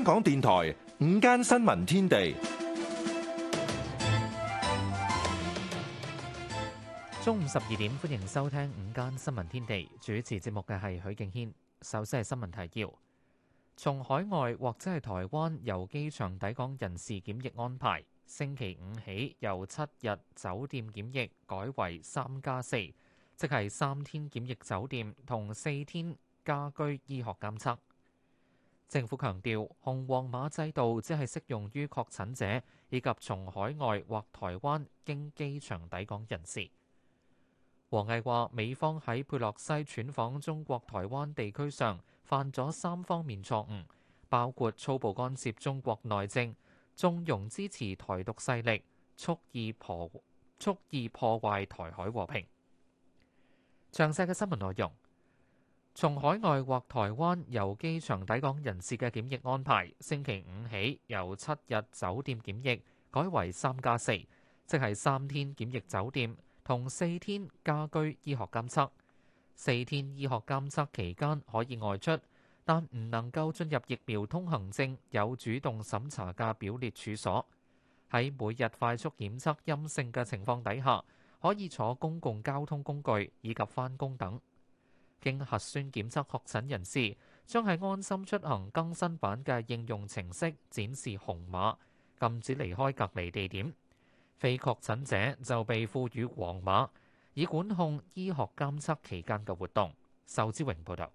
香港電台午間新聞天地，中午十二點，歡迎收聽午間新聞天地。主持節目嘅係許敬軒。首先係新聞提要：從海外或者係台灣由機場抵港人士檢疫安排，星期五起由七日酒店檢疫改為三加四，即係三天檢疫酒店同四天家居醫學監測。政府強調，紅黃碼制度只係適用於確診者以及從海外或台灣經機場抵港人士。王毅話：美方喺佩洛西傳訪中國台灣地區上犯咗三方面錯誤，包括粗暴干涉中國內政、縱容支持台獨勢力、蓄意破蓄意破壞台海和平。詳細嘅新聞內容。從海外或台灣由機場抵港人士嘅檢疫安排，星期五起由七日酒店檢疫改為三加四，即係三天檢疫酒店同四天家居醫學監測。四天醫學監測期間可以外出，但唔能夠進入疫苗通行證有主動審查嘅表列處所。喺每日快速檢測陰性嘅情況底下，可以坐公共交通工具以及返工等。經核酸檢測確診人士將喺安心出行更新版嘅應用程式展示紅碼，禁止離開隔離地點；非確診者就被賦予黃碼，以管控醫學監測期間嘅活動。仇志榮報道。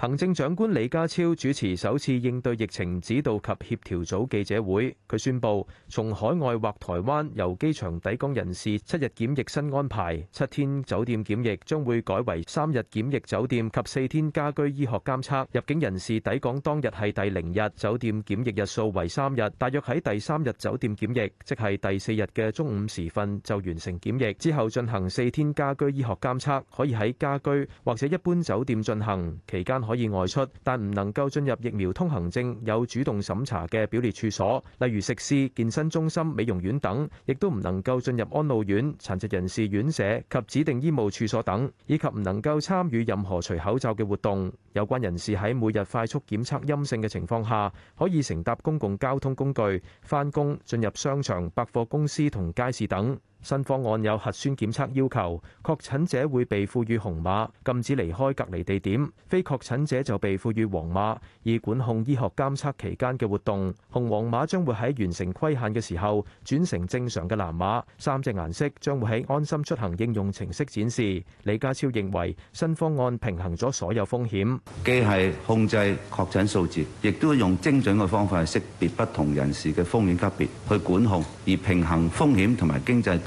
行政長官李家超主持首次應對疫情指導及協調組記者會，佢宣布從海外或台灣由機場抵港人士七日檢疫新安排，七天酒店檢疫將會改為三日檢疫酒店及四天家居醫學監測。入境人士抵港當日係第零日，酒店檢疫日數為三日，大約喺第三日酒店檢疫，即係第四日嘅中午時分就完成檢疫，之後進行四天家居醫學監測，可以喺家居或者一般酒店進行。期間，可以外出，但唔能夠進入疫苗通行證有主動審查嘅表列處所，例如食肆、健身中心、美容院等，亦都唔能夠進入安老院、殘疾人士院舍及指定醫務處所等，以及唔能夠參與任何除口罩嘅活動。有關人士喺每日快速檢測陰性嘅情況下，可以乘搭公共交通工具返工，進入商場、百貨公司同街市等。新方案有核酸檢測要求，確診者會被賦予紅碼，禁止離開隔離地點；非確診者就被賦予黃碼，以管控醫學監測期間嘅活動。紅黃碼將會喺完成規限嘅時候轉成正常嘅藍碼。三隻顏色將會喺安心出行應用程式展示。李家超認為新方案平衡咗所有風險，既係控制確診數字，亦都用精準嘅方法識別不同人士嘅風險級別去管控，而平衡風險同埋經濟。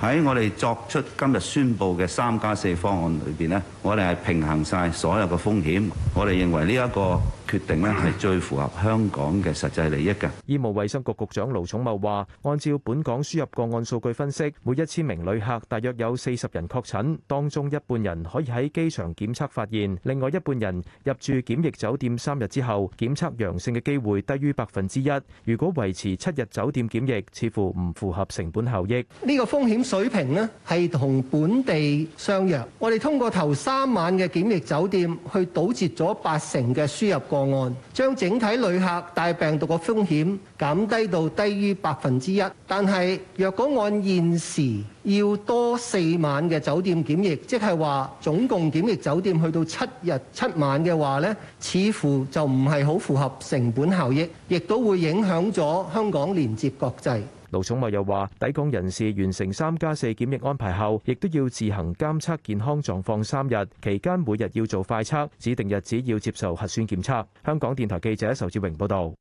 喺我哋作出今日宣佈嘅三加四方案裏邊咧，我哋係平衡晒所有嘅風險。我哋認為呢、這、一個。決定呢係最符合香港嘅實際利益嘅。醫務衛生局局長盧寵茂話，按照本港輸入個案數據分析，每一千名旅客大約有四十人確診，當中一半人可以喺機場檢測發現，另外一半人入住檢疫酒店三日之後檢測陽性嘅機會低於百分之一。如果維持七日酒店檢疫，似乎唔符合成本效益。呢個風險水平呢，係同本地相若。我哋通過頭三晚嘅檢疫酒店去堵截咗八成嘅輸入個案。個案將整體旅客帶病毒嘅風險減低到低於百分之一，但係若果按現時要多四晚嘅酒店檢疫，即係話總共檢疫酒店去到七日七晚嘅話咧，似乎就唔係好符合成本效益，亦都會影響咗香港連接國際。盧寵茂又話：抵港人士完成三加四檢疫安排後，亦都要自行監測健康狀況三日，期間每日要做快測，指定日子要接受核酸檢測。香港電台記者仇志榮報道，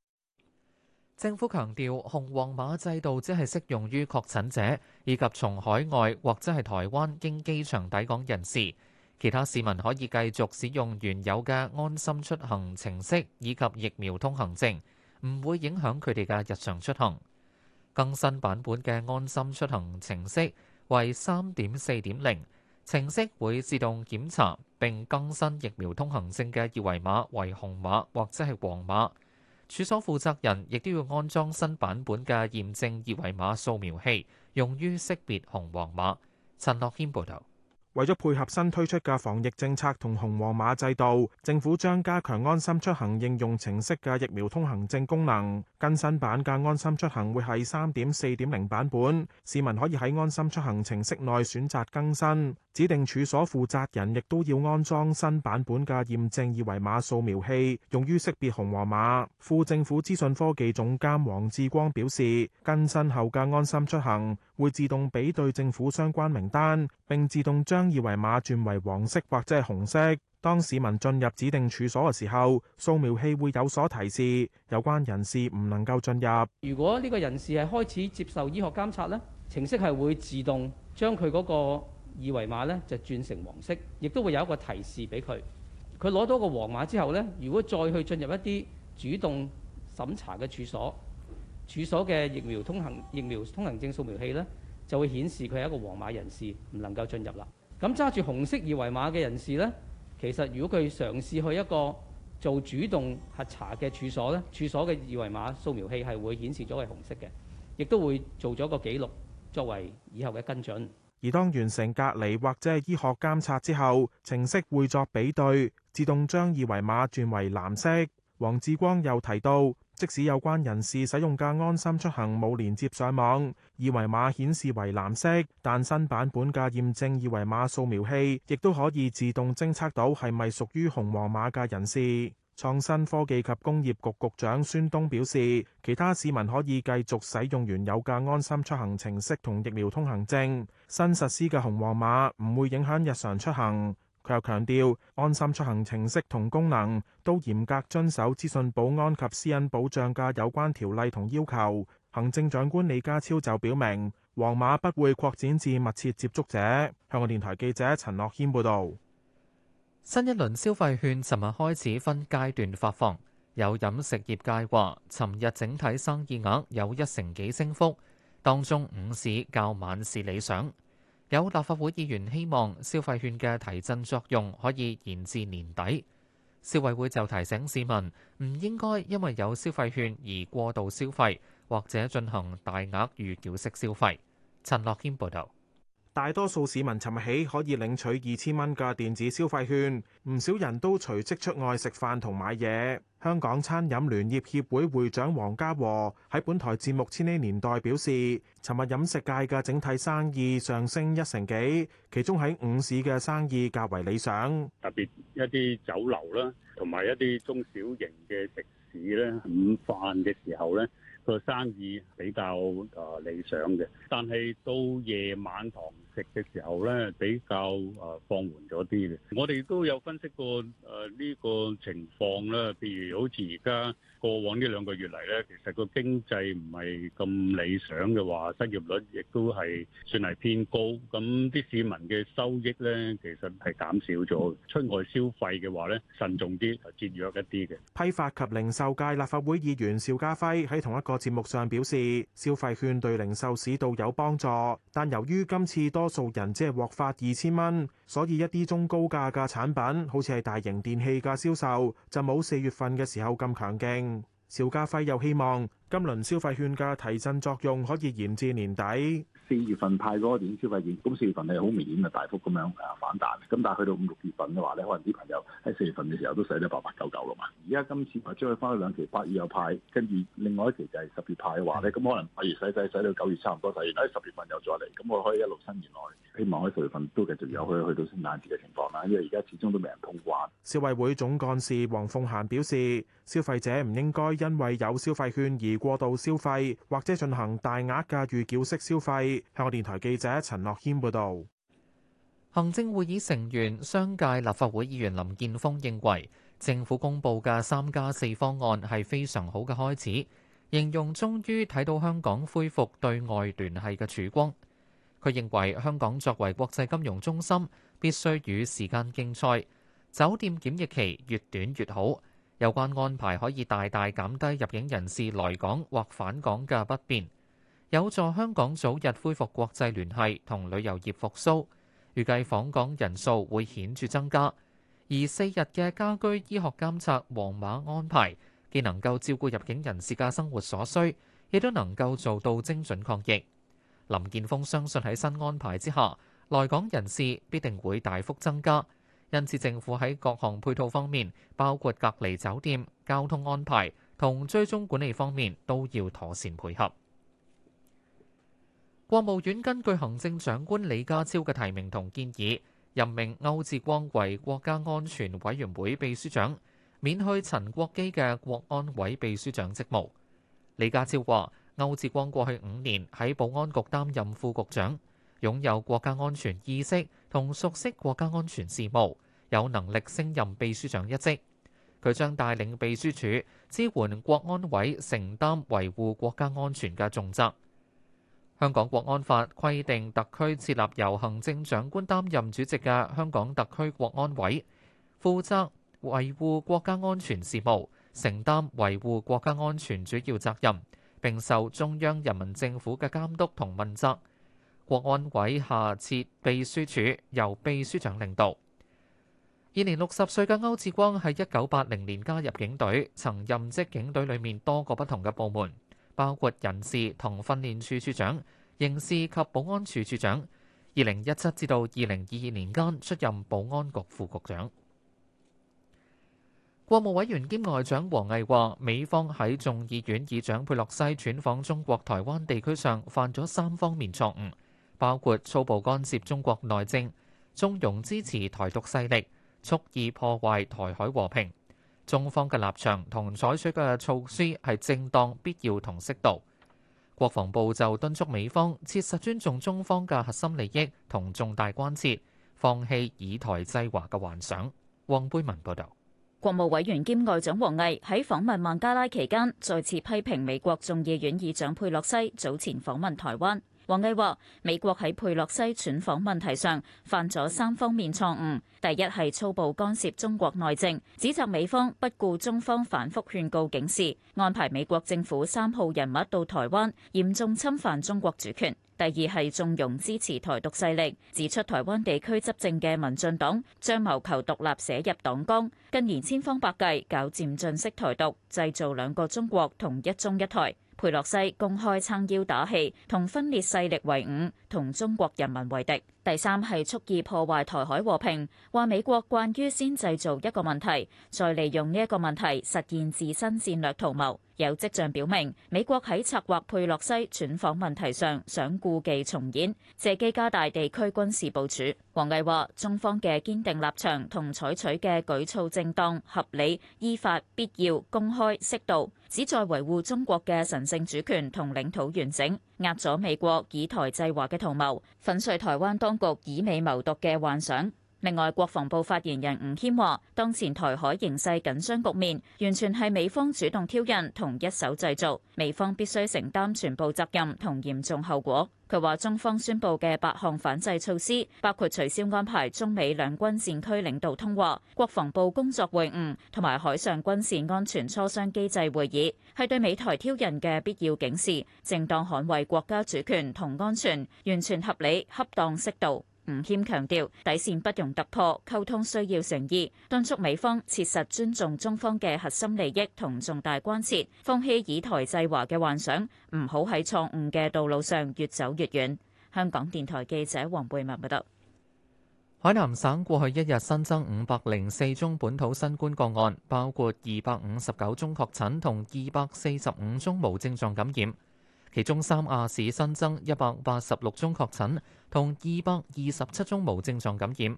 政府強調，紅黃碼制度只係適用於確診者以及從海外或者係台灣經機場抵港人士，其他市民可以繼續使用原有嘅安心出行程式以及疫苗通行證，唔會影響佢哋嘅日常出行。更新版本嘅安心出行程式為3.4.0，程式會自動檢查並更新疫苗通行證嘅二維碼為紅碼或者係黃碼。處所負責人亦都要安裝新版本嘅驗證二維碼掃描器，用於識別紅黃碼。陳樂謙報道。為咗配合新推出嘅防疫政策同紅黃碼制度，政府將加強安心出行應用程式嘅疫苗通行證功能。更新版嘅安心出行會係3.4.0版本，市民可以喺安心出行程式內選擇更新。指定處所負責人亦都要安裝新版本嘅驗證二維碼掃描器，用於識別紅黃碼。副政府資訊科技總監黃志光表示，更新後嘅安心出行會自動比對政府相關名單，並自動將二維碼轉為黃色或者係紅色。當市民進入指定處所嘅時候，掃描器會有所提示，有關人士唔能夠進入。如果呢個人士係開始接受醫學監察呢，程式係會自動將佢嗰個。二維碼咧就轉成黃色，亦都會有一個提示俾佢。佢攞到個黃碼之後咧，如果再去進入一啲主動審查嘅處所，處所嘅疫苗通行疫苗通行證掃描器咧，就會顯示佢係一個黃碼人士，唔能夠進入啦。咁揸住紅色二維碼嘅人士咧，其實如果佢嘗試去一個做主動核查嘅處所咧，處所嘅二維碼掃描器係會顯示咗係紅色嘅，亦都會做咗個記錄作為以後嘅跟進。而當完成隔離或者係醫學監測之後，程式會作比對，自動將二維碼轉為藍色。黃志光又提到，即使有關人士使用嘅安心出行冇連接上網，二維碼顯示為藍色，但新版本嘅驗證二維碼掃描器亦都可以自動偵測到係咪屬於紅黃碼嘅人士。創新科技及工業局局，局長孫東表示，其他市民可以繼續使用原有嘅安心出行程式同疫苗通行證。新實施嘅紅黃碼唔會影響日常出行。佢又強調，安心出行程式同功能都嚴格遵守資訊保安及私隱保障嘅有關條例同要求。行政長官李家超就表明，黃碼不會擴展至密切接觸者。香港電台記者陳樂軒報導。新一輪消費券尋日開始分階段發放，有飲食業界話，尋日整體生意額有一成幾升幅。當中午市較晚市理想，有立法會議員希望消費券嘅提振作用可以延至年底。消委會就提醒市民唔應該因為有消費券而過度消費，或者進行大額預繳式消費。陳樂軒報導。大多數市民尋日起可以領取二千蚊嘅電子消費券，唔少人都隨即出外食飯同買嘢。香港餐飲聯業協會會長黃家和喺本台節目《千禧年代》表示，尋日飲食界嘅整體生意上升一成幾，其中喺午市嘅生意較為理想，特別一啲酒樓啦，同埋一啲中小型嘅食肆咧，午飯嘅時候咧，個生意比較誒理想嘅，但係到夜晚堂食嘅時候咧，比較誒放緩咗啲嘅。我哋都有分析過誒呢個情況啦，譬如好似而家。過往呢兩個月嚟呢，其實個經濟唔係咁理想嘅話，失業率亦都係算係偏高。咁啲市民嘅收益呢，其實係減少咗。出外消費嘅話呢，慎重啲，節約一啲嘅。批發及零售界立法會議員邵家輝喺同一個節目上表示，消費券對零售市道有幫助，但由於今次多數人只係獲發二千蚊，所以一啲中高價嘅產品，好似係大型電器嘅銷售，就冇四月份嘅時候咁強勁。邵家輝又希望今輪消費券嘅提振作用可以延至年底。四月份派嗰個電影消費券，咁四月份咧好明顯啊大幅咁樣啊反彈。咁但係去到五六月份嘅話咧，可能啲朋友喺四月份嘅時候都使咗八八九九咯嘛。而家今次話將佢分開兩期，八月又派，跟住另外一期就係十月派嘅話咧，咁可能八月使曬，使到九月差唔多，十月喺十月份又再嚟，咁我可以喺六七月內，希望喺十月份都繼續有去去到聖誕節嘅情況啦。因為而家始終都未能通關。消委會總幹事黃鳳嫺表示，消費者唔應該因為有消費券而過度消費，或者進行大額嘅預繳式消費。香港電台記者陳樂謙報道，行政會議成員、商界立法會議員林健鋒認為，政府公布嘅三加四方案係非常好嘅開始，形容終於睇到香港恢復對外聯繫嘅曙光。佢認為香港作為國際金融中心，必須與時間競賽，酒店檢疫期越短越好。有關安排可以大大減低入境人士來港或返港嘅不便。有助香港早日恢復國際聯繫同旅遊業復甦，預計訪港人數會顯著增加。而四日嘅家居醫學監察黃碼安排，既能夠照顧入境人士嘅生活所需，亦都能夠做到精準抗疫。林健鋒相信喺新安排之下，來港人士必定會大幅增加，因此政府喺各項配套方面，包括隔離酒店、交通安排同追蹤管理方面，都要妥善配合。國務院根據行政長官李家超嘅提名同建議，任命歐志光為國家安全委員會秘書長，免去陳國基嘅國安委秘書長職務。李家超話：歐志光過去五年喺保安局擔任副局長，擁有國家安全意識同熟悉國家安全事務，有能力升任秘書長一職。佢將帶領秘書處支援國安委，承擔維護國家安全嘅重責。香港國安法規定，特區設立由行政長官擔任主席嘅香港特區國安委，負責維護國家安全事務，承擔維護國家安全主要責任，並受中央人民政府嘅監督同問責。國安委下設秘書處，由秘書長領導。現年六十歲嘅歐志光喺一九八零年加入警隊，曾任職警隊裏面多個不同嘅部門。包括人事同訓練處處長、刑事及保安處處長，二零一七至到二零二二年間出任保安局副局長。國務委員兼外長王毅話：美方喺眾議院議長佩洛西竄訪中國台灣地區上犯咗三方面錯誤，包括粗暴干涉中國內政、縱容支持台獨勢力、蓄意破壞台海和平。中方嘅立場同採取嘅措施係正當、必要同適度。國防部就敦促美方切實尊重中方嘅核心利益同重大關切，放棄以台制華嘅幻想。汪貝文報道。國務委員兼外長王毅喺訪問孟加拉期間，再次批評美國眾議院議長佩洛西早前訪問台灣。王毅話：美國喺佩洛西竄訪問題上犯咗三方面錯誤。第一係粗暴干涉中國內政，指責美方不顧中方反覆勸告警示，安排美國政府三號人物到台灣，嚴重侵犯中國主權。第二係縱容支持台獨勢力，指出台灣地區執政嘅民進黨將謀求獨立寫入黨綱，近年千方百計搞漸進式台獨，製造兩個中國同一中一台。佩洛西公開撐腰打氣，同分裂勢力為伍，同中國人民為敵。第三係蓄意破壞台海和平，話美國慣於先製造一個問題，再利用呢一個問題實現自身戰略圖謀。有跡象表明，美國喺策劃佩洛西竄訪問題上想故技重演，借機加大地區軍事部署。王毅話：中方嘅堅定立場同採取嘅舉措正當、合理、依法、必要、公開、適度，旨在維護中國嘅神聖主權同領土完整。壓咗美國以台制華嘅圖謀，粉碎台灣當局以美謀獨嘅幻想。另外，國防部發言人吳謙話，當前台海形勢緊張局面，完全係美方主動挑釁同一手製造，美方必須承擔全部責任同嚴重後果。佢話：中方宣布嘅八項反制措施，包括取消安排中美兩軍戰區領導通話、國防部工作會晤同埋海上軍事安全磋商機制會議，係對美台挑釁嘅必要警示，正當捍衛國家主權同安全，完全合理、恰當、適度。吳謙強調底綫不容突破，溝通需要誠意，敦促美方切實尊重中方嘅核心利益同重大關切，放棄以台制華嘅幻想，唔好喺錯誤嘅道路上越走越遠。香港電台記者黃貝文報道。海南省過去一日新增五百零四宗本土新冠個案，包括二百五十九宗確診同二百四十五宗無症狀感染。其中三亞市新增一百八十六宗確診，同二百二十七宗無症狀感染。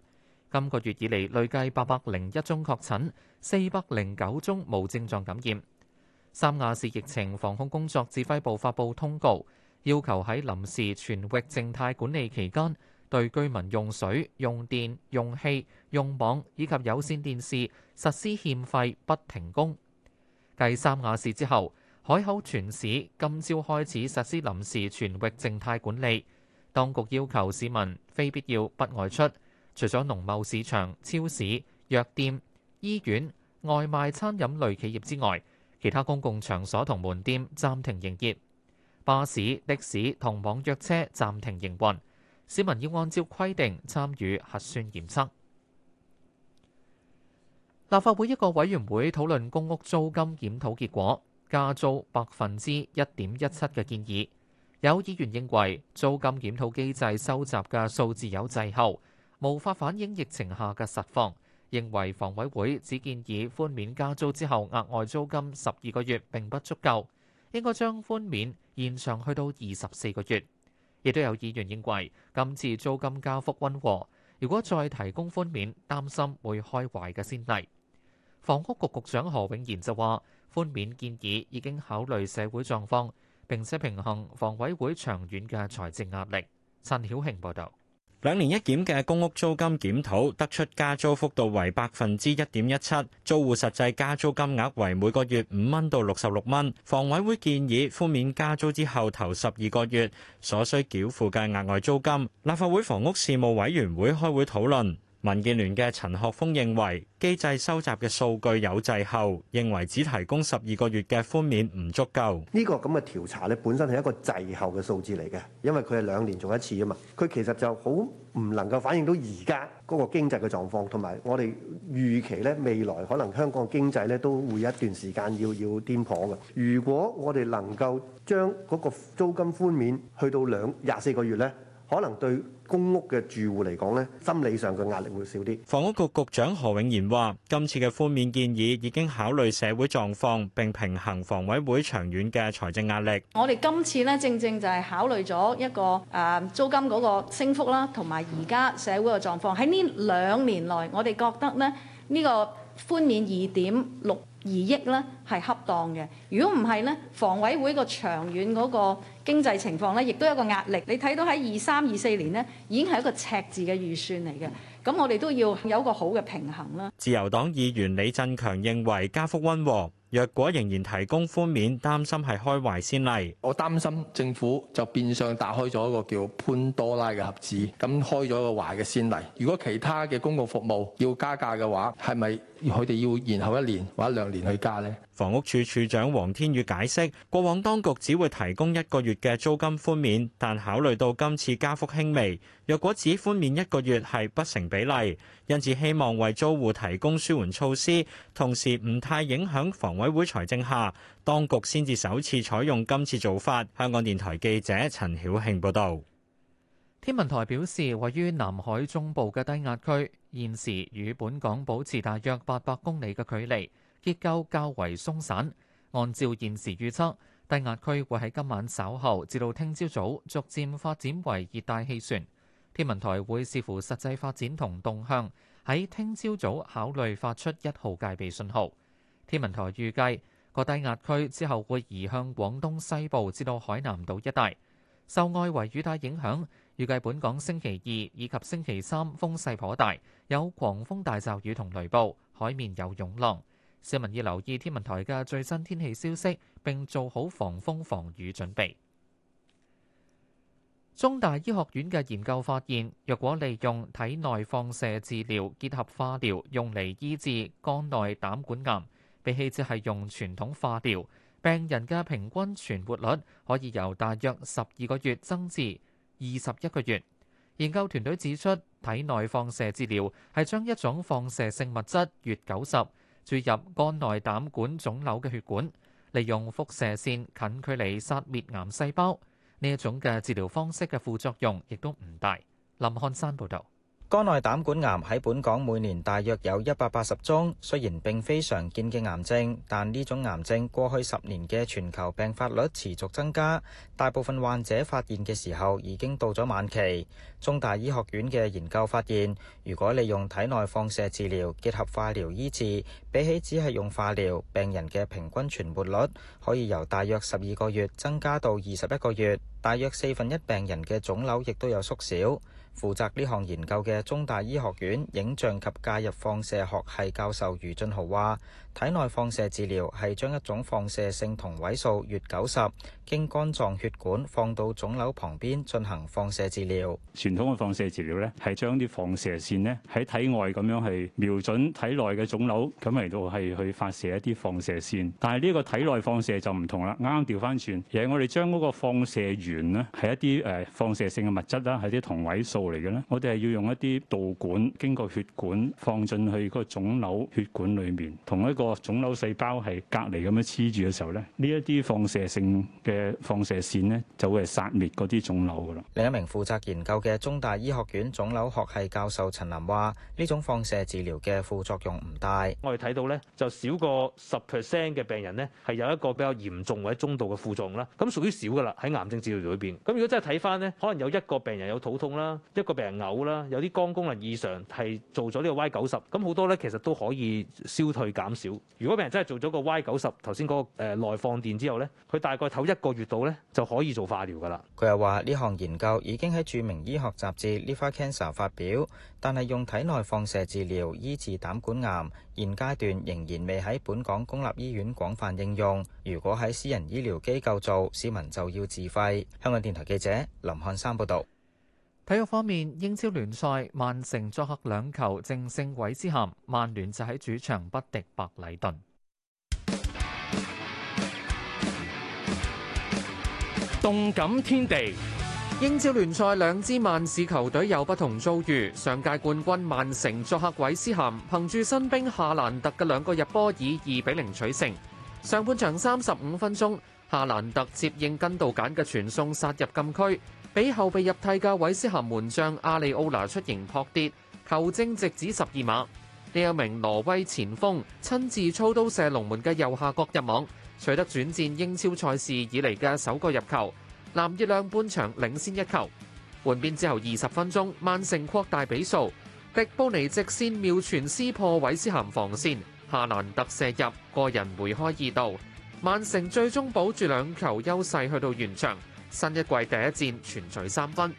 今個月以嚟累計八百零一宗確診，四百零九宗無症狀感染。三亞市疫情防控工作指揮部發布通告，要求喺臨時全域靜態管理期間，對居民用水、用電、用氣、用網以及有線電視實施欠費不停供。繼三亞市之後，海口全市今朝開始實施臨時全域靜態管理，當局要求市民非必要不外出，除咗農貿市場、超市、藥店、醫院、外賣餐飲類企業之外，其他公共場所同門店暫停營業，巴士、的士同網約車暫停營運。市民要按照規定參與核酸檢測。立法會一個委員會討論公屋租金檢討結果。加租百分之一點一七嘅建議，有議員認為租金檢討機制收集嘅數字有滯後，無法反映疫情下嘅實況，認為房委會只建議寬免加租之後額外租金十二個月並不足夠，應該將寬免延長去到二十四個月。亦都有議員認為今次租金加幅溫和，如果再提供寬免，擔心會開壞嘅先例。房屋局局長何永賢就話。寬免建議已經考慮社會狀況，並且平衡房委會長遠嘅財政壓力。陳曉慶報導，兩年一檢嘅公屋租金檢討得出加租幅度為百分之一點一七，租戶實際加租金額為每個月五蚊到六十六蚊。房委會建議寬免加租之後頭十二個月所需繳付嘅額外租金，立法會房屋事務委員會開會討論。民建聯嘅陳學鋒認為機制收集嘅數據有滯後，認為只提供十二個月嘅寬免唔足夠。呢個咁嘅調查咧，本身係一個滯後嘅數字嚟嘅，因為佢係兩年做一次啊嘛。佢其實就好唔能夠反映到而家嗰個經濟嘅狀況，同埋我哋預期咧，未來可能香港經濟咧都會有一段時間要要顛簸嘅。如果我哋能夠將嗰個租金寬免去到兩廿四個月咧，可能對公屋嘅住戶嚟講，咧，心理上嘅壓力會少啲。房屋局局長何永賢話，今次嘅寬免建議已經考慮社會狀況，並平衡房委會長遠嘅財政壓力。我哋今次咧正正就係考慮咗一個誒租金嗰個升幅啦，同埋而家社會嘅狀況。喺呢兩年內，我哋覺得咧呢呢個寬免二點六，二億咧係恰當嘅，如果唔係咧，房委會個長遠嗰個經濟情況咧，亦都有一個壓力。你睇到喺二三二四年咧，已經係一個赤字嘅預算嚟嘅，咁我哋都要有一個好嘅平衡啦。自由黨議員李振強認為加幅溫和，若果仍然提供寬免，擔心係開壞先例。我擔心政府就變相打開咗一個叫潘多拉嘅盒子，咁開咗個壞嘅先例。如果其他嘅公共服務要加價嘅話，係咪？佢哋要延後一年或者兩年去加咧。房屋署署長黃天宇解釋，過往當局只會提供一個月嘅租金寬免，但考慮到今次加幅輕微，若果只寬免一個月係不成比例，因此希望為租戶提供舒緩措施，同時唔太影響房委會財政下，當局先至首次採用今次做法。香港電台記者陳曉慶報道。天文台表示，位於南海中部嘅低壓區，現時與本港保持大約八百公里嘅距離，結構較為鬆散。按照現時預測，低壓區會喺今晚稍後至到聽朝早，早逐漸發展為熱帶氣旋。天文台會視乎實際發展同動向，喺聽朝早考慮發出一號戒備信號。天文台預計個低壓區之後會移向廣東西部至到海南島一帶，受外圍雨帶影響。預計本港星期二以及星期三風勢頗大，有狂風、大驟雨同雷暴，海面有湧浪。市民要留意天文台嘅最新天氣消息，並做好防風防雨準備。中大醫學院嘅研究發現，若果利用體內放射治療結合化療用嚟醫治肝內膽管癌，比起只係用傳統化療，病人嘅平均存活率可以由大約十二個月增至二十一個月，研究團隊指出，體內放射治療係將一種放射性物質釔九十注入肝內膽管腫瘤嘅血管，利用輻射線近距離殺滅癌細胞。呢一種嘅治療方式嘅副作用亦都唔大。林漢山報導。肝內膽管癌喺本港每年大約有一百八十宗，雖然並非常見嘅癌症，但呢種癌症過去十年嘅全球病發率持續增加。大部分患者發現嘅時候已經到咗晚期。中大醫學院嘅研究發現，如果利用體內放射治療結合化療醫治，比起只係用化療，病人嘅平均存活率可以由大約十二個月增加到二十一個月，大約四分一病人嘅腫瘤亦都有縮小。負責呢項研究嘅中大醫學院影像及介入放射學系教授余俊豪話。體內放射治療係將一種放射性同位素月九十，經肝臟血管放到腫瘤旁邊進行放射治療。傳統嘅放射治療呢，係將啲放射線呢喺體外咁樣係瞄準體內嘅腫瘤，咁嚟到係去發射一啲放射線。但係呢個體內放射就唔同啦，啱啱調翻轉，而我哋將嗰個放射源呢，係一啲誒放射性嘅物質啦，係啲同位素嚟嘅呢，我哋係要用一啲導管經過血管放進去嗰個腫瘤血管裏面，同一個腫瘤細胞係隔離咁樣黐住嘅時候咧，呢一啲放射性嘅放射線呢，就會係殺滅嗰啲腫瘤噶啦。另一名負責研究嘅中大醫學院腫瘤學系教授陳林話，呢種放射治療嘅副作用唔大。我哋睇到咧就少過十 percent 嘅病人咧係有一個比較嚴重或者中度嘅副作用啦，咁屬於少噶啦喺癌症治療裏邊。咁如果真係睇翻呢，可能有一個病人有肚痛啦，一個病人嘔啦，有啲肝功能異常係做咗呢個 Y 九十，咁好多咧其實都可以消退減少。如果病人真係做咗個 Y 九十，頭先嗰個誒內、呃、放電之後呢，佢大概唞一個月度呢，就可以做化療㗎喇。佢又話呢項研究已經喺著名醫學雜誌《Liver Cancer》發表，但係用體內放射治療醫治膽管癌，現階段仍然未喺本港公立醫院廣泛應用。如果喺私人醫療機構做，市民就要自費。香港電台記者林漢山報道。體育方面，英超聯賽曼城作客兩球正勝韋斯咸，曼聯就喺主場不敵白禮頓。動感天地，英超聯賽兩支曼市球隊有不同遭遇。上屆冠軍曼城作客韋斯咸，憑住新兵夏蘭特嘅兩個入波以二比零取勝。上半場三十五分鐘，夏蘭特接應根道簡嘅傳送殺入禁區。畀後備入替嘅韋斯咸門將阿里奧拿出迎撲跌，球證直指十二碼。呢一名挪威前鋒親自操刀射龍門嘅右下角入網，取得轉戰英超賽事以嚟嘅首個入球，藍月亮半場領先一球。換邊之後二十分鐘，曼城擴大比數，迪布尼直線妙傳撕破韋斯咸防線，夏蘭特射入，個人梅開二度，曼城最終保住兩球優勢去到完場。新一季第一戰全取三分。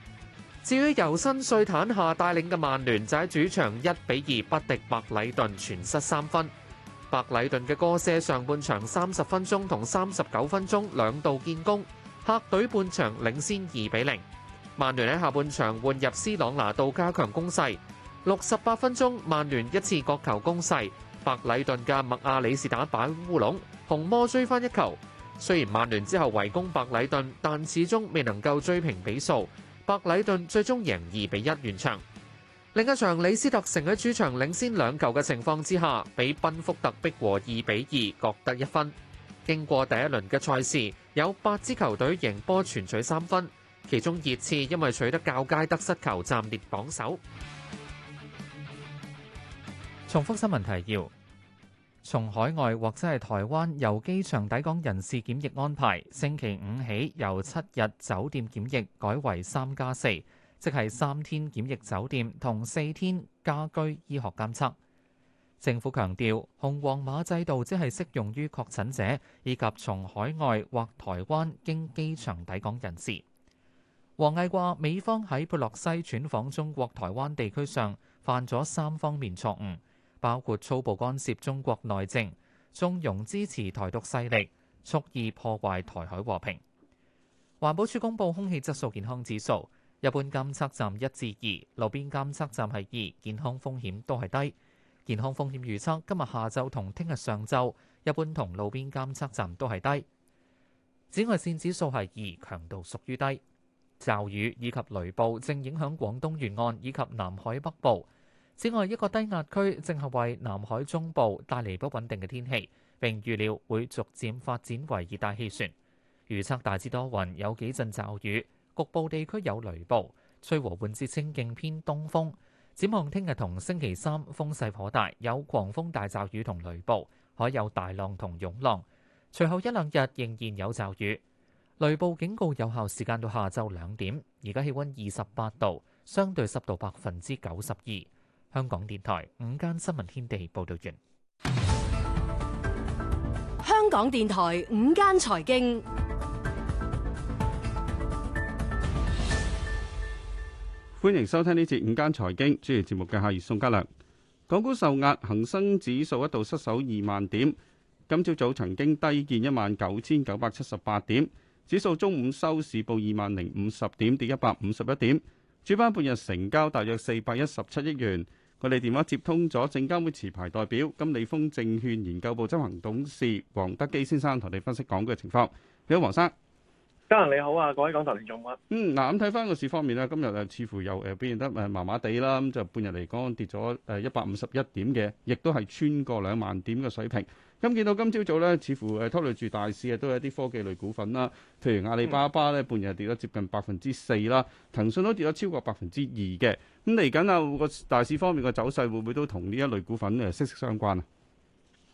至於由新帥坦夏帶領嘅曼聯就喺主場一比二不敵白禮頓，全失三分。白禮頓嘅哥些上半場三十分鐘同三十九分鐘兩度建功，客隊半場領先二比零。曼聯喺下半場換入斯朗拿度加強攻勢，六十八分鐘，曼聯一次角球攻勢，白禮頓嘅麥亞里斯打擺烏龍，紅魔追翻一球。雖然曼聯之後圍攻白禮頓，但始終未能夠追平比數，白禮頓最終贏二比一完場。另一場，李斯特城喺主場領先兩球嘅情況之下，俾賓福特逼和二比二，各得一分。經過第一輪嘅賽事，有八支球隊贏波全取三分，其中熱刺因為取得較佳得失球，暫列榜首。重複新聞提要。從海外或者係台灣由機場抵港人士檢疫安排，星期五起由七日酒店檢疫改為三加四，4，即係三天檢疫酒店同四天家居醫學監測。政府強調紅黃碼制度只係適用於確診者以及從海外或台灣經機場抵港人士。王毅話，美方喺佩洛西竄訪中國台灣地區上犯咗三方面錯誤。包括粗暴干涉中國內政、縱容支持台獨勢力、蓄意破壞台海和平。環保署公布空氣質素健康指數，一般監測站一至二，路邊監測站係二，健康風險都係低。健康風險預測今日下晝同聽日上晝一般同路邊監測站都係低。紫外線指數係二，強度屬於低。驟雨以及雷暴正影響廣東沿岸以及南海北部。此外，一個低壓區正係為南海中部帶嚟不穩定嘅天氣，並預料會逐漸發展為熱帶氣旋。預測大致多雲，有幾陣驟雨，局部地區有雷暴，吹和緩至清勁偏東風。展望聽日同星期三風勢頗大，有狂風大驟雨同雷暴，海有大浪同湧浪。隨後一兩日仍然有驟雨。雷暴警告有效時間到下晝兩點。而家氣温二十八度，相對濕度百分之九十二。香港電台午間新聞天地報道完。香港電台午間財經，歡迎收聽呢節午間財經，主持節目嘅係宋嘉良。港股受壓，恒生指數一度失守二萬點。今朝早，早曾經低見一萬九千九百七十八點，指數中午收市報二萬零五十點，跌一百五十一點。主板半日成交大約四百一十七億元。我哋電話接通咗證監會持牌代表金利豐證券研究部執行董事黃德基先生，同你分析港股嘅情況。你好，黃生。嘉倫你好啊，講一講頭條新聞。嗯，嗱咁睇翻個市方面咧，今日誒似乎又誒表現得誒麻麻地啦，咁就半日嚟講跌咗誒一百五十一點嘅，亦都係穿過兩萬點嘅水平。咁見到今朝早咧，似乎誒拖累住大市嘅都係一啲科技類股份啦，譬如阿里巴巴咧，嗯、半日跌咗接近百分之四啦，騰訊都跌咗超過百分之二嘅。咁嚟緊啊，個大市方面嘅走勢會唔會都同呢一類股份誒息息相關啊？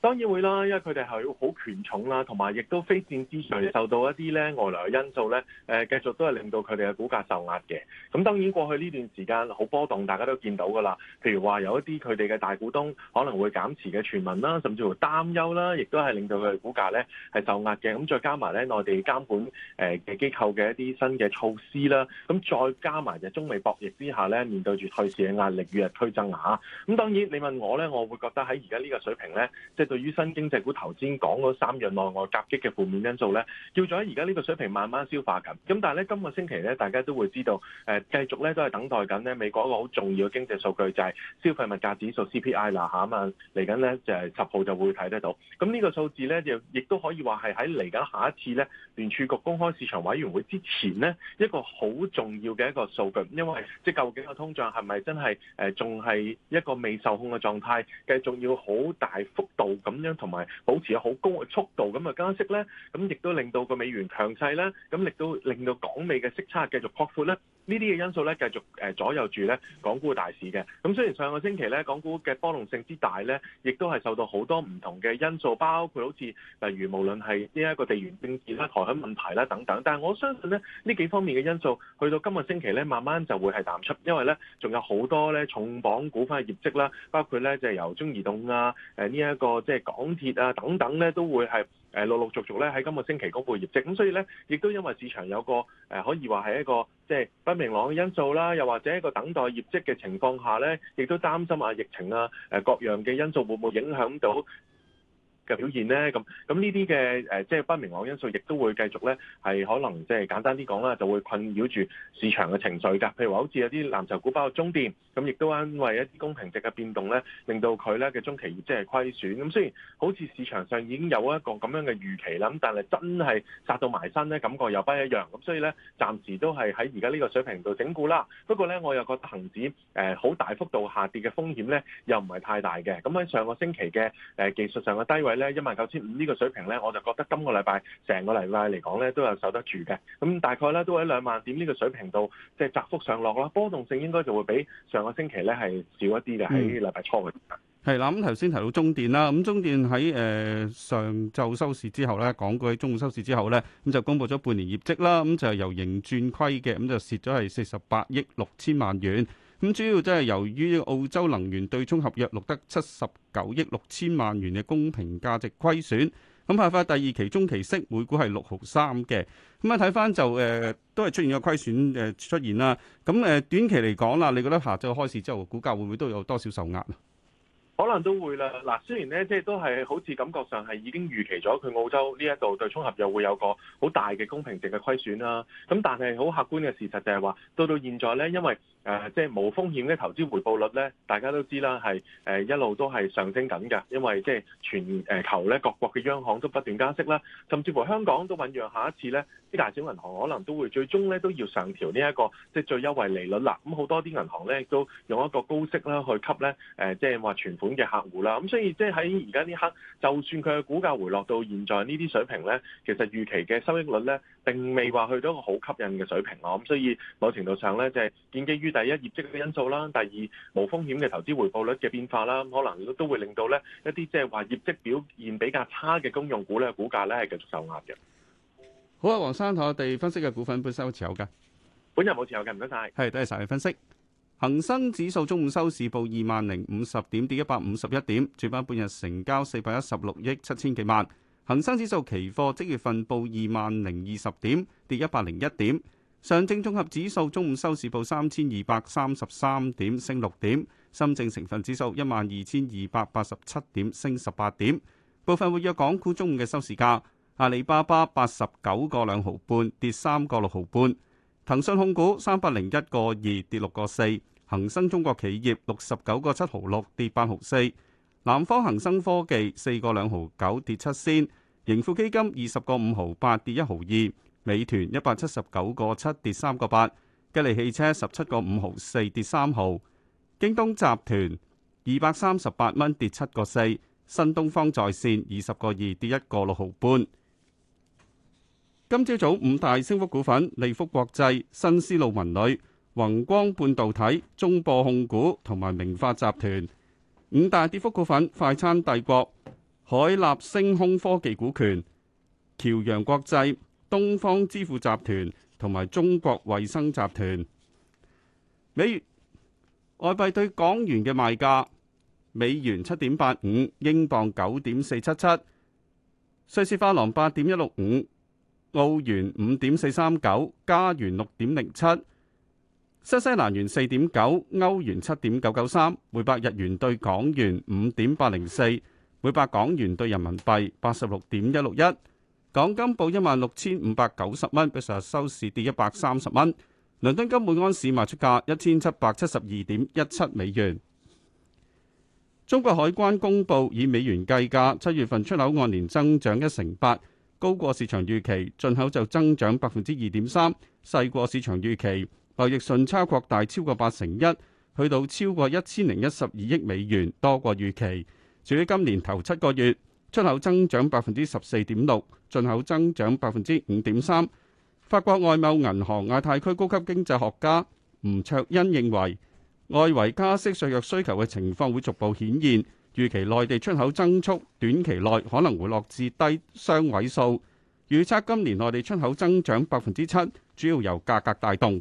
當然會啦，因為佢哋係好權重啦，同埋亦都非戰之罪受到一啲咧外來因素咧，誒繼續都係令到佢哋嘅股價受壓嘅。咁當然過去呢段時間好波動，大家都見到㗎啦。譬如話有一啲佢哋嘅大股東可能會減持嘅傳聞啦，甚至乎擔憂啦，亦都係令到佢哋股價咧係受壓嘅。咁再加埋咧內地監管誒嘅機構嘅一啲新嘅措施啦，咁再加埋就中美博弈之下咧面對住退市嘅壓力與日俱增啊。咁當然你問我咧，我會覺得喺而家呢個水平咧，即係。對於新經濟股，頭先講嗰三樣內外夾擊嘅負面因素咧，要咗而家呢個水平慢慢消化緊。咁但係咧，今個星期咧，大家都會知道，誒、呃、繼續咧都係等待緊咧美國一個好重要嘅經濟數據，就係、是、消費物價指數 CPI 嗱、啊、嚇嘛，嚟緊咧就係、是、十號就會睇得到。咁呢個數字咧，就亦都可以話係喺嚟緊下一次咧聯儲局公開市場委員會之前咧一個好重要嘅一個數據，因為即係、就是、究竟個通脹係咪真係誒仲係一個未受控嘅狀態，繼續要好大幅度。咁樣同埋保持嘅好高嘅速度咁啊加息咧，咁亦都令到個美元強勢啦，咁亦都令到港美嘅息差繼續擴闊咧。呢啲嘅因素咧，繼續誒左右住咧港股大市嘅。咁雖然上個星期咧，港股嘅波動性之大咧，亦都係受到好多唔同嘅因素，包括好似例如無論係呢一個地緣政治啦、台海問題啦等等。但係我相信咧，呢幾方面嘅因素，去到今個星期咧，慢慢就會係淡出，因為咧，仲有好多咧重磅股份嘅業績啦，包括咧就係、是、由中移動啊、誒呢一個即係港鐵啊等等咧，都會係。誒陸陸續續咧喺今個星期公佈業績，咁所以咧亦都因為市場有個誒、呃、可以話係一個即係、就是、不明朗嘅因素啦，又或者一個等待業績嘅情況下咧，亦都擔心啊疫情啊誒、呃、各樣嘅因素會唔會影響到嘅表現咧，咁咁呢啲嘅誒，即係不明朗因素，亦都會繼續咧，係可能即係簡單啲講啦，就會困擾住市場嘅情緒㗎。譬如話，好似有啲藍籌股，包括中電，咁亦都因為一啲公平值嘅變動咧，令到佢咧嘅中期業績係虧損。咁雖然好似市場上已經有一個咁樣嘅預期啦，咁但係真係殺到埋身咧，感覺又不一樣。咁所以咧，暫時都係喺而家呢個水平度整固啦。不過咧，我又覺得恆指誒好大幅度下跌嘅風險咧，又唔係太大嘅。咁喺上個星期嘅誒技術上嘅低位，呢一萬九千五呢個水平呢，我就覺得今個禮拜成個禮拜嚟講呢，都有受得住嘅。咁大概呢，都喺兩萬點呢個水平度，即係窄幅上落啦，波動性應該就會比上個星期呢係少一啲嘅喺禮拜初嘅。係啦、嗯，咁頭先提到中電啦，咁中電喺誒上晝收市之後呢，講句喺中午收市之後呢，咁就公佈咗半年業績啦，咁就由盈轉虧嘅，咁就蝕咗係四十八億六千萬元。咁主要即係由於澳洲能源對沖合約錄得七十九億六千萬元嘅公平價值虧損，咁派發第二期中期息每股係六毫三嘅，咁啊睇翻就誒、呃、都係出現咗虧損誒出現啦，咁誒、呃、短期嚟講啦，你覺得下晝開市之後股價會唔會都有多少受壓啊？可能都會啦。嗱，雖然咧，即係都係好似感覺上係已經預期咗佢澳洲呢一度對沖合又會有個好大嘅公平性嘅虧損啦、啊。咁但係好客觀嘅事實就係話，到到現在咧，因為誒、呃、即係冇風險嘅投資回報率咧，大家都知啦，係誒、呃、一路都係上升緊㗎。因為即係全誒球咧，各國嘅央行都不斷加息啦，甚至乎香港都醖釀下一次咧。啲大小銀行可能都會最終咧都要上調呢一個即係最優惠利率啦。咁、嗯、好多啲銀行咧亦都用一個高息啦去吸咧誒，即係話存款嘅客戶啦。咁、嗯、所以即係喺而家呢刻，就算佢嘅股價回落到現在呢啲水平咧，其實預期嘅收益率咧並未話去到一個好吸引嘅水平咯。咁、嗯、所以某程度上咧，即、就、係、是、建基於第一業績嘅因素啦，第二無風險嘅投資回報率嘅變化啦，咁、嗯、可能都都會令到咧一啲即係話業績表現比較差嘅公用股咧股價咧係繼續受壓嘅。好啊，黃生，同我哋分析嘅股份，本身有持有嘅，本人冇持有嘅，唔該晒。係多謝晒你分析。恒生指數中午收市報二萬零五十點，跌一百五十一點。主板半日成交四百一十六億七千幾萬。恒生指數期貨即月份報二萬零二十點，跌一百零一點。上證綜合指數中午收市報三千二百三十三點，升六點。深證成分指數一萬二千二百八十七點，升十八點。部分活躍港股中午嘅收市價。阿里巴巴八十九個兩毫半跌三個六毫半，騰訊控股三百零一個二跌六個四，恒生中國企業六十九個七毫六跌八毫四，南方恒生科技四個兩毫九跌七仙，盈富基金二十個五毫八跌一毫二，美團一百七十九個七跌三個八，吉利汽車十七個五毫四跌三毫，京東集團二百三十八蚊跌七個四，新東方在線二十個二跌一個六毫半。今朝早，早五大升幅股份：利福國際、新絲路文旅、宏光半導體、中博控股同埋明發集團。五大跌幅股份：快餐帝國、海立星空科技、股權喬洋國際、東方支付集團同埋中國衛生集團。美外幣對港元嘅賣價美元七點八五，英鎊九點四七七，瑞士法郎八點一六五。澳元五點四三九，加元六點零七，新西蘭元四點九，歐元七點九九三，每百日元對港元五點八零四，每百港元對人民幣八十六點一六一。港金報一萬六千五百九十蚊，比上日收市跌一百三十蚊。倫敦金每安士賣出價一千七百七十二點一七美元。中國海關公布以美元計價，七月份出口按年增長一成八。高過市場預期，進口就增長百分之二點三，細過市場預期，貿易順差擴大超過八成一，去到超過一千零一十二億美元，多過預期。至於今年頭七個月，出口增長百分之十四點六，進口增長百分之五點三。法國外貿銀行亞太區高級經濟學家吳卓恩認為，外圍加息削弱需求嘅情況會逐步顯現。預期內地出口增速短期內可能會落至低雙位數，預測今年內地出口增長百分之七，主要由價格帶動。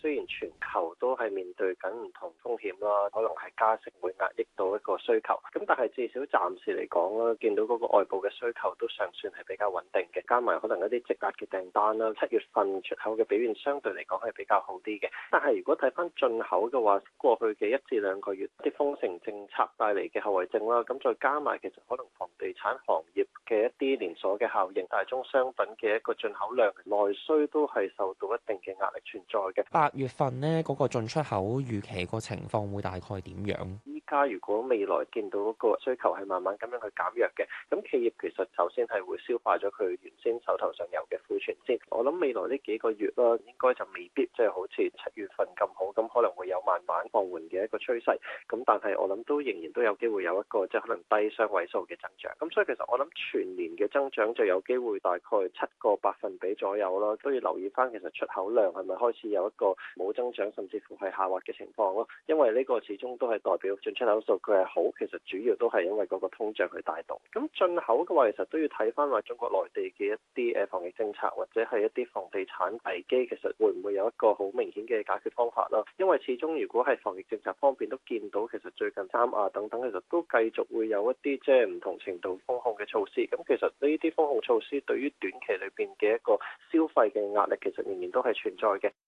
雖然全後都係面對緊唔同風險啦，可能係加息會壓抑到一個需求。咁但係至少暫時嚟講咧，見到嗰個外部嘅需求都尚算係比較穩定嘅，加埋可能一啲積壓嘅訂單啦。七月份出口嘅表現相對嚟講係比較好啲嘅。但係如果睇翻進口嘅話，過去嘅一至兩個月，啲封城政策帶嚟嘅後遺症啦，咁再加埋其實可能房地產行業嘅一啲連鎖嘅效應，大宗商品嘅一個進口量，內需都係受到一定嘅壓力存在嘅。八月份呢，嗰個進出口預期個情況會大概點樣？依家，如果未來見到個需求係慢慢咁樣去減弱嘅，咁企業其實首先係會消化咗佢原先手頭上有嘅庫存先。我諗未來呢幾個月啦，應該就未必即係、就是、好似七月份咁好，咁可能會有慢慢放緩嘅一個趨勢。咁但係我諗都仍然都有機會有一個即係可能低雙位數嘅增長，咁所以其實我諗全年嘅增長就有機會大概七個百分比左右咯。都要留意翻其實出口量係咪開始有一個冇增長。甚至乎係下滑嘅情況咯，因為呢個始終都係代表進出口數據係好，其實主要都係因為嗰個通脹去帶動，咁進口嘅話，其實都要睇翻話中國內地嘅一啲誒防疫政策，或者係一啲房地產危機，其實會唔會有一個好明顯嘅解決方法啦？因為始終如果係防疫政策方面都見到，其實最近三亞等等其實都繼續會有一啲即係唔同程度封控嘅措施。咁其實呢啲封控措施對於短期裏邊嘅一個消費嘅壓力，其實仍然都係存在嘅。